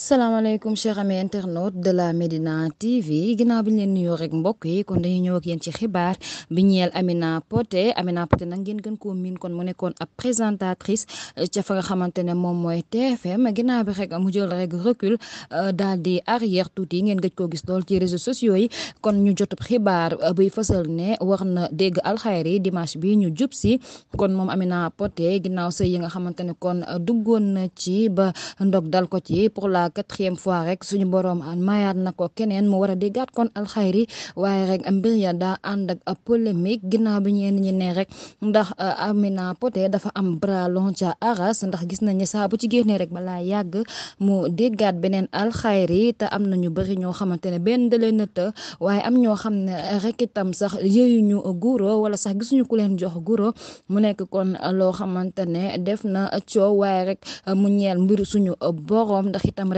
salaamaaleykum chers amis internautes de la Médina TV ginnaaw bi ñu leen nuyoo rek mbokk yi kon dañuy ñëw ak ci xibaar bi ñeel Amina Poté Amina Poté nag ngeen gën koo miin kon mu nekkoon a présentatrice euh, ca fa nga xamante ne moom mooy TFM ginnaaw bi rek mu jël rek recul euh, daal di arrière tuuti ngeen gëj koo gis lool ci réseaux sociaux yi kon ñu jotub xibaar euh, buy fësal ne war na dégg alxayri dimanche bi ñu jub si kon moom Amina Poté ginnaaw sëy yi nga xamante ne kon duggoon na ci ba ndog dal ko ci quatrième fois rek suñu borom an mayaat na ko keneen mu war a déggaat kon alxayri waaye rek mbir ya daa ànd a polémique ginnaaw bi ñeen ñi ne rek ndax euh, Amina Poté dafa am bras long ca Aras ndax gis nañu saa bu ci génnee rek balaa yàgg mu déggaat beneen alxayri te am na ñu bëri ñoo xamante ne benn dalee na të waaye am ñoo xam ne rek itam sax yëyuñu guro wala sax gisuñu ku leen jox guro mu nekk kon loo xamante ne def na coow waaye rek mu ñeel mbir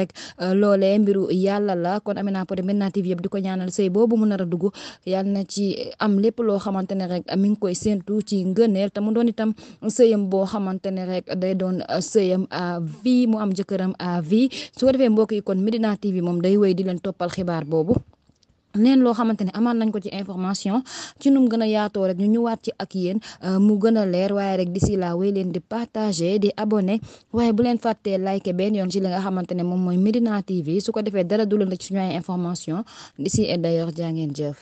rek euh, loolee mbiru yàlla la kon Amina Poté Médina TV yëpp di ko ñaanal sëy boobu mu nar a dugg yàlla na ci am lépp loo xamante ne rek mi ngi koy séentu ci ngëneel te mu doon itam sëyam boo xamante ne rek day doon euh, sëyam a vi mu am jëkkëram a vi su ko defee mbokk yi kon Médina TV moom day wéy di leen toppal xibaar boobu leen loo xamante ne amaat nañ ko ci information ci num gën a yaatoo rek ñu ñëwaat ci ak yéen euh, mu gën a leer waaye rek d'ici là wéy leen di partager di abonné waaye bu leen fàttee like benn yoon ci li nga xamante ne moom mooy Medina TV su ko defee dara du leen rek suñu ay information di si d'ailleurs jaa ngeen jëf